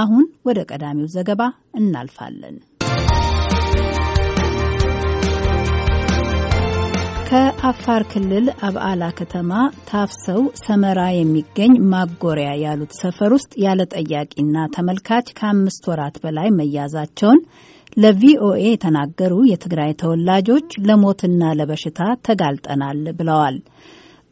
አሁን ወደ ቀዳሚው ዘገባ እናልፋለን። ከአፋር ክልል አብዓላ ከተማ ታፍሰው ሰመራ የሚገኝ ማጎሪያ ያሉት ሰፈር ውስጥ ያለ ጠያቂና ተመልካች ከአምስት ወራት በላይ መያዛቸውን ለቪኦኤ የተናገሩ የትግራይ ተወላጆች ለሞትና ለበሽታ ተጋልጠናል ብለዋል።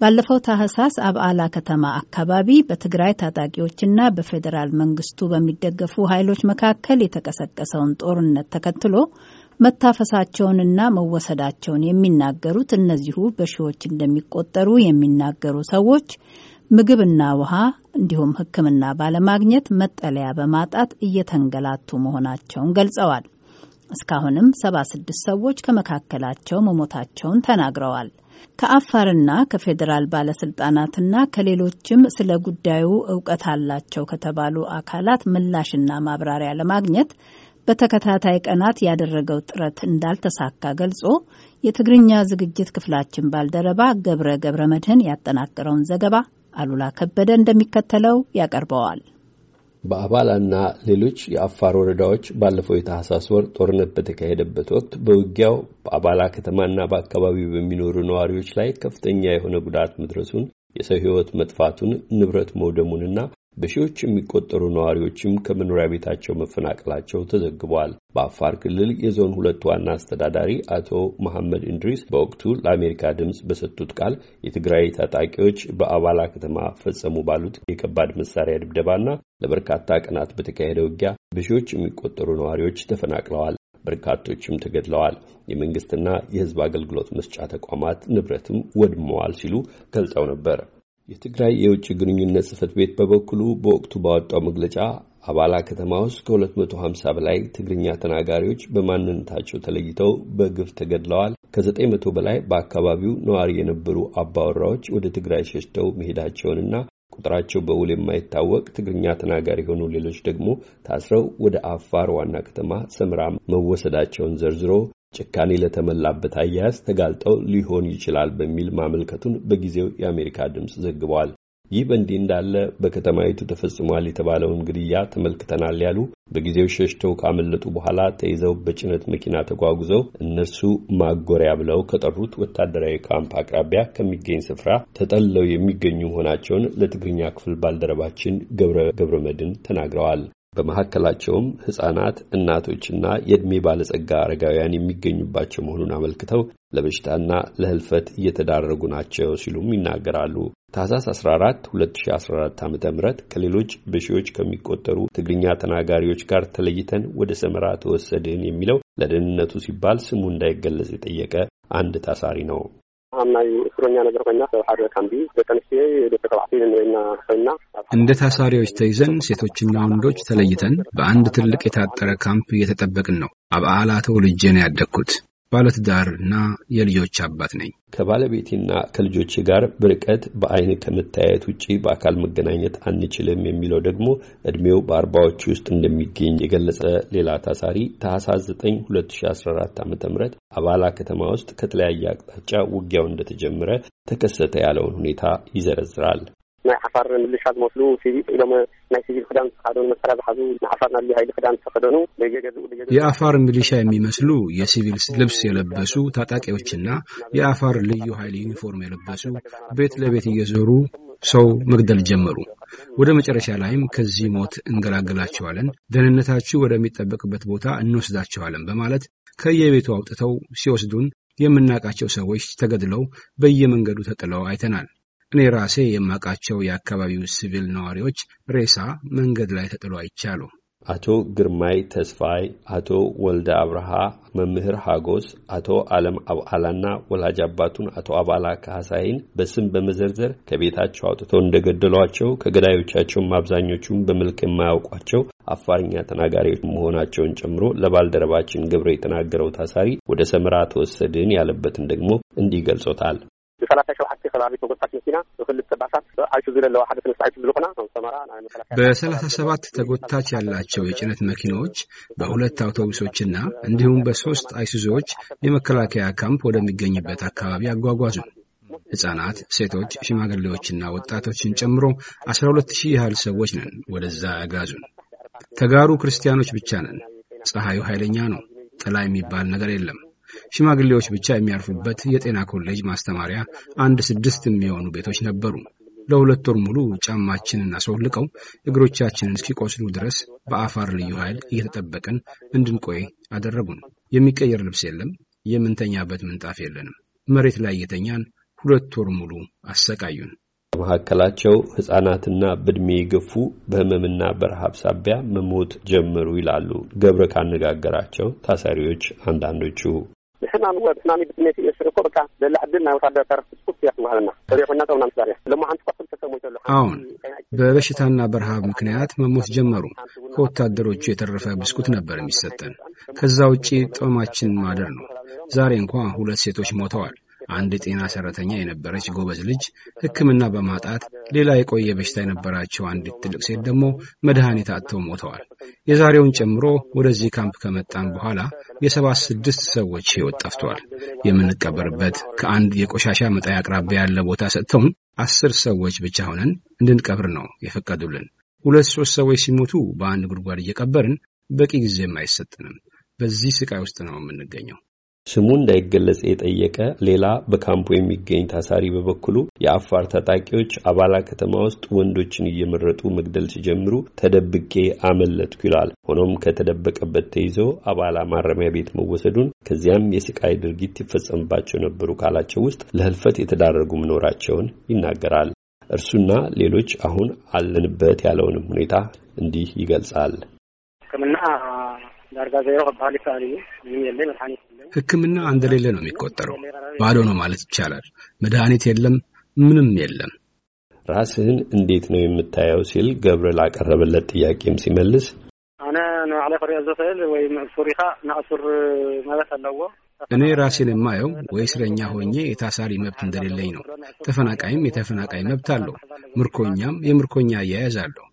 ባለፈው ታህሳስ አብዓላ ከተማ አካባቢ በትግራይ ታጣቂዎችና በፌዴራል መንግስቱ በሚደገፉ ኃይሎች መካከል የተቀሰቀሰውን ጦርነት ተከትሎ መታፈሳቸውንና መወሰዳቸውን የሚናገሩት እነዚሁ በሺዎች እንደሚቆጠሩ የሚናገሩ ሰዎች ምግብና ውሃ እንዲሁም ሕክምና ባለማግኘት መጠለያ በማጣት እየተንገላቱ መሆናቸውን ገልጸዋል። እስካሁንም 76 ሰዎች ከመካከላቸው መሞታቸውን ተናግረዋል። ከአፋርና ከፌዴራል ባለስልጣናትና ከሌሎችም ስለ ጉዳዩ እውቀት አላቸው ከተባሉ አካላት ምላሽና ማብራሪያ ለማግኘት በተከታታይ ቀናት ያደረገው ጥረት እንዳልተሳካ ገልጾ የትግርኛ ዝግጅት ክፍላችን ባልደረባ ገብረ ገብረ መድህን ያጠናቀረውን ዘገባ አሉላ ከበደ እንደሚከተለው ያቀርበዋል። በአባላና ሌሎች የአፋር ወረዳዎች ባለፈው የታህሳስ ወር ጦርነት በተካሄደበት ወቅት በውጊያው በአባላ ከተማና በአካባቢው በሚኖሩ ነዋሪዎች ላይ ከፍተኛ የሆነ ጉዳት መድረሱን የሰው ሕይወት መጥፋቱን ንብረት መውደሙንና በሺዎች የሚቆጠሩ ነዋሪዎችም ከመኖሪያ ቤታቸው መፈናቀላቸው ተዘግቧል። በአፋር ክልል የዞን ሁለት ዋና አስተዳዳሪ አቶ መሐመድ እንድሪስ በወቅቱ ለአሜሪካ ድምፅ በሰጡት ቃል የትግራይ ታጣቂዎች በአባላ ከተማ ፈጸሙ ባሉት የከባድ መሳሪያ ድብደባና ለበርካታ ቀናት በተካሄደ ውጊያ በሺዎች የሚቆጠሩ ነዋሪዎች ተፈናቅለዋል፣ በርካቶችም ተገድለዋል። የመንግስትና የሕዝብ አገልግሎት መስጫ ተቋማት ንብረትም ወድመዋል ሲሉ ገልጸው ነበር። የትግራይ የውጭ ግንኙነት ጽህፈት ቤት በበኩሉ በወቅቱ ባወጣው መግለጫ አባላ ከተማ ውስጥ ከ250 በላይ ትግርኛ ተናጋሪዎች በማንነታቸው ተለይተው በግፍ ተገድለዋል። ከ900 በላይ በአካባቢው ነዋሪ የነበሩ አባወራዎች ወደ ትግራይ ሸሽተው መሄዳቸውንና ቁጥራቸው በውል የማይታወቅ ትግርኛ ተናጋሪ የሆኑ ሌሎች ደግሞ ታስረው ወደ አፋር ዋና ከተማ ሰምራ መወሰዳቸውን ዘርዝሮ ጭካኔ ለተሞላበት አያያዝ ተጋልጠው ሊሆን ይችላል በሚል ማመልከቱን በጊዜው የአሜሪካ ድምፅ ዘግቧል። ይህ በእንዲህ እንዳለ በከተማይቱ ተፈጽሟል የተባለውን ግድያ ተመልክተናል ያሉ በጊዜው ሸሽተው ካመለጡ በኋላ ተይዘው በጭነት መኪና ተጓጉዘው እነርሱ ማጎሪያ ብለው ከጠሩት ወታደራዊ ካምፕ አቅራቢያ ከሚገኝ ስፍራ ተጠልለው የሚገኙ መሆናቸውን ለትግርኛ ክፍል ባልደረባችን ገብረ ገብረ መድን ተናግረዋል። በመካከላቸውም ህጻናት፣ እናቶችና የእድሜ ባለጸጋ አረጋውያን የሚገኙባቸው መሆኑን አመልክተው ለበሽታና ለህልፈት እየተዳረጉ ናቸው ሲሉም ይናገራሉ። ታህሳስ 14 2014 ዓ ም ከሌሎች በሺዎች ከሚቆጠሩ ትግርኛ ተናጋሪዎች ጋር ተለይተን ወደ ሰመራ ተወሰድን የሚለው ለደህንነቱ ሲባል ስሙ እንዳይገለጽ የጠየቀ አንድ ታሳሪ ነው። እንደ ታሳሪዎች ተይዘን ሴቶችና ወንዶች ተለይተን በአንድ ትልቅ የታጠረ ካምፕ እየተጠበቅን ነው። አብዓላ ተወልጄ ነው ያደግኩት። ባለትዳርና የልጆች አባት ነኝ። ከባለቤቴና ከልጆቼ ጋር በርቀት በአይን ከመታየት ውጪ በአካል መገናኘት አንችልም የሚለው ደግሞ እድሜው በአርባዎች ውስጥ እንደሚገኝ የገለጸ ሌላ ታሳሪ ታህሳስ 9 2014 ዓ ም አባላ ከተማ ውስጥ ከተለያየ አቅጣጫ ውጊያው እንደተጀመረ ተከሰተ ያለውን ሁኔታ ይዘረዝራል። ናይ ሓፋር ምልሻ ዝመስሉ ኢሎም ናይ ሲቪል ክዳን ዝተኸደኑ መሳርያ ዝሓዙ ንሓፋር ናሉ ሃይሊ ክዳን ዝተኸደኑ የአፋር ሚሊሻ የሚመስሉ የሲቪል ልብስ የለበሱ ታጣቂዎችና የአፋር ልዩ ኃይል ዩኒፎርም የለበሱ ቤት ለቤት እየዞሩ ሰው መግደል ጀመሩ። ወደ መጨረሻ ላይም ከዚህ ሞት እንገላግላቸዋለን፣ ደህንነታችሁ ወደሚጠበቅበት ቦታ እንወስዳቸዋለን በማለት ከየቤቱ አውጥተው ሲወስዱን የምናውቃቸው ሰዎች ተገድለው በየመንገዱ ተጥለው አይተናል። እኔ ራሴ የማውቃቸው የአካባቢው ሲቪል ነዋሪዎች ሬሳ መንገድ ላይ ተጥሎ አይቻሉ። አቶ ግርማይ ተስፋይ፣ አቶ ወልደ አብርሃ፣ መምህር ሀጎስ፣ አቶ አለም አብዓላና ወላጅ አባቱን አቶ አባላ ካሳይን በስም በመዘርዘር ከቤታቸው አውጥተው እንደገደሏቸው ከገዳዮቻቸውም አብዛኞቹም በመልክ የማያውቋቸው አፋርኛ ተናጋሪዎች መሆናቸውን ጨምሮ ለባልደረባችን ገብረ የተናገረው ታሳሪ ወደ ሰምራ ተወሰድን ያለበትን ደግሞ እንዲህ ገልጾታል። በሰላሳ ሰባት ተጎታች ያላቸው የጭነት መኪናዎች በሁለት አውቶቡሶችና እንዲሁም በሶስት አይሱዞዎች የመከላከያ ካምፕ ወደሚገኝበት አካባቢ አጓጓዙ። ህፃናት ሴቶች፣ ሽማግሌዎችና ወጣቶችን ጨምሮ 1 ሁለት ሺህ ያህል ሰዎች ነን ወደዛ ያጋዙን። ተጋሩ ክርስቲያኖች ብቻ ነን። ፀሐዩ ኃይለኛ ነው። ጥላ የሚባል ነገር የለም። ሽማግሌዎች ብቻ የሚያርፉበት የጤና ኮሌጅ ማስተማሪያ አንድ ስድስት የሚሆኑ ቤቶች ነበሩ። ለሁለት ወር ሙሉ ጫማችንን አስወልቀው እግሮቻችንን እስኪቆስሉ ድረስ በአፋር ልዩ ኃይል እየተጠበቅን እንድንቆይ አደረጉን። የሚቀየር ልብስ የለም። የምንተኛበት ምንጣፍ የለንም። መሬት ላይ እየተኛን ሁለት ወር ሙሉ አሰቃዩን። በመካከላቸው ሕፃናትና በዕድሜ የገፉ በህመምና በረሃብ ሳቢያ መሞት ጀመሩ ይላሉ ገብረ ካነጋገራቸው ታሳሪዎች አንዳንዶቹ። ንሕና ንወ ንሕና ብስሜት እዩ ሽርኮ በቃ ዘላዕድል ናይ ወታደር ታሪክ ስኩስ እያ ትባሃለና ተሪኹና ጠብና ምስ ዛርያ ሎማ ሓንቲ ቋሕል ተሰሞይቶ ኣሎ አዎን በበሽታና በረሃብ ምክንያት መሞት ጀመሩ። ከወታደሮቹ የተረፈ ብስኩት ነበር የሚሰጠን። ከዛ ውጪ ጥመማችን ማደር ነው። ዛሬ እንኳ ሁለት ሴቶች ሞተዋል። አንድ ጤና ሰራተኛ የነበረች ጎበዝ ልጅ ሕክምና በማጣት ሌላ የቆየ በሽታ የነበራቸው አንዲት ትልቅ ሴት ደግሞ መድኃኒት አጥተው ሞተዋል። የዛሬውን ጨምሮ ወደዚህ ካምፕ ከመጣን በኋላ የሰባ ስድስት ሰዎች ሕይወት ጠፍተዋል። የምንቀበርበት ከአንድ የቆሻሻ መጣያ አቅራቢያ ያለ ቦታ ሰጥተውን አስር ሰዎች ብቻ ሆነን እንድንቀብር ነው የፈቀዱልን። ሁለት ሶስት ሰዎች ሲሞቱ በአንድ ጉድጓድ እየቀበርን በቂ ጊዜም አይሰጥንም። በዚህ ስቃይ ውስጥ ነው የምንገኘው። ስሙ እንዳይገለጽ የጠየቀ ሌላ በካምፑ የሚገኝ ታሳሪ በበኩሉ የአፋር ታጣቂዎች አባላ ከተማ ውስጥ ወንዶችን እየመረጡ መግደል ሲጀምሩ ተደብቄ አመለጥኩ ይላል። ሆኖም ከተደበቀበት ተይዞ አባላ ማረሚያ ቤት መወሰዱን ከዚያም የስቃይ ድርጊት ይፈጸምባቸው ነበሩ ካላቸው ውስጥ ለህልፈት የተዳረጉ መኖራቸውን ይናገራል። እርሱና ሌሎች አሁን አለንበት ያለውንም ሁኔታ እንዲህ ይገልጻል። ሕክምና ህክምና እንደሌለ ነው የሚቆጠረው። ባዶ ነው ማለት ይቻላል። መድኃኒት የለም፣ ምንም የለም። ራስህን እንዴት ነው የምታየው ሲል ገብረ ላቀረበለት ጥያቄም ሲመልስ እኔ ራሴን የማየው ወይ እስረኛ ሆኜ የታሳሪ መብት እንደሌለኝ ነው። ተፈናቃይም የተፈናቃይ መብት አለው፣ ምርኮኛም የምርኮኛ አያያዝ አለው።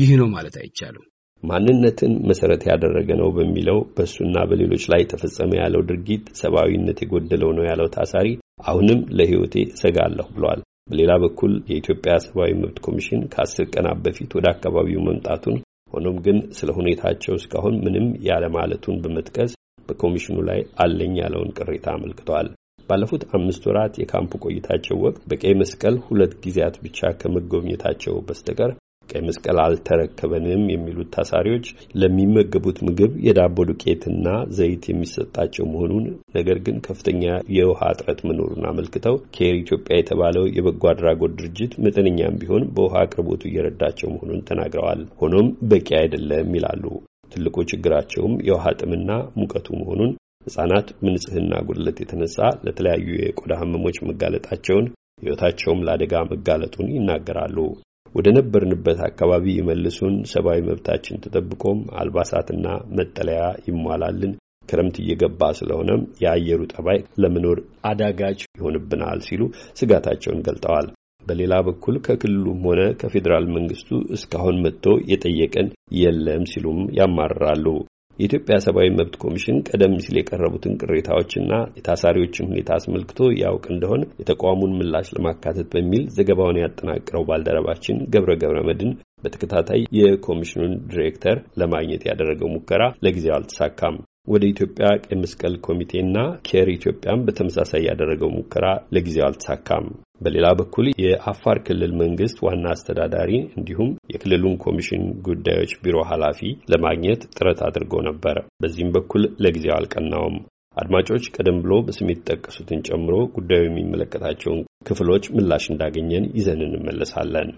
ይህ ነው ማለት አይቻልም። ማንነትን መሰረት ያደረገ ነው በሚለው በእሱና በሌሎች ላይ ተፈጸመ ያለው ድርጊት ሰብአዊነት የጎደለው ነው ያለው ታሳሪ አሁንም ለህይወቴ እሰጋለሁ ብሏል። በሌላ በኩል የኢትዮጵያ ሰብአዊ መብት ኮሚሽን ከአስር ቀናት በፊት ወደ አካባቢው መምጣቱን ሆኖም ግን ስለ ሁኔታቸው እስካሁን ምንም ያለማለቱን በመጥቀስ በኮሚሽኑ ላይ አለኝ ያለውን ቅሬታ አመልክቷል። ባለፉት አምስት ወራት የካምፕ ቆይታቸው ወቅት በቀይ መስቀል ሁለት ጊዜያት ብቻ ከመጎብኘታቸው በስተቀር ቀይ መስቀል አልተረከበንም የሚሉት ታሳሪዎች ለሚመገቡት ምግብ የዳቦ ዱቄትና ዘይት የሚሰጣቸው መሆኑን ነገር ግን ከፍተኛ የውሃ እጥረት መኖሩን አመልክተው ኬር ኢትዮጵያ የተባለው የበጎ አድራጎት ድርጅት መጠነኛም ቢሆን በውሃ አቅርቦቱ እየረዳቸው መሆኑን ተናግረዋል። ሆኖም በቂ አይደለም ይላሉ። ትልቁ ችግራቸውም የውሃ ጥምና ሙቀቱ መሆኑን፣ ህጻናት ምንጽህና ጉድለት የተነሳ ለተለያዩ የቆዳ ህመሞች መጋለጣቸውን ህይወታቸውም ለአደጋ መጋለጡን ይናገራሉ። ወደ ነበርንበት አካባቢ ይመልሱን፣ ሰብአዊ መብታችን ተጠብቆም አልባሳትና መጠለያ ይሟላልን፣ ክረምት እየገባ ስለሆነም የአየሩ ጠባይ ለመኖር አዳጋች ይሆንብናል ሲሉ ስጋታቸውን ገልጠዋል። በሌላ በኩል ከክልሉም ሆነ ከፌዴራል መንግስቱ እስካሁን መጥቶ የጠየቀን የለም ሲሉም ያማርራሉ። የኢትዮጵያ ሰብአዊ መብት ኮሚሽን ቀደም ሲል የቀረቡትን ቅሬታዎችና የታሳሪዎችን ሁኔታ አስመልክቶ ያውቅ እንደሆን የተቋሙን ምላሽ ለማካተት በሚል ዘገባውን ያጠናቀረው ባልደረባችን ገብረ ገብረ መድን በተከታታይ የኮሚሽኑን ዲሬክተር ለማግኘት ያደረገው ሙከራ ለጊዜው አልተሳካም። ወደ ኢትዮጵያ ቀይ መስቀል ኮሚቴና ኬር ኢትዮጵያን በተመሳሳይ ያደረገው ሙከራ ለጊዜው አልተሳካም። በሌላ በኩል የአፋር ክልል መንግስት ዋና አስተዳዳሪ እንዲሁም የክልሉን ኮሚሽን ጉዳዮች ቢሮ ኃላፊ ለማግኘት ጥረት አድርጎ ነበር። በዚህም በኩል ለጊዜው አልቀናውም። አድማጮች፣ ቀደም ብሎ በስም የተጠቀሱትን ጨምሮ ጉዳዩ የሚመለከታቸውን ክፍሎች ምላሽ እንዳገኘን ይዘን እንመለሳለን።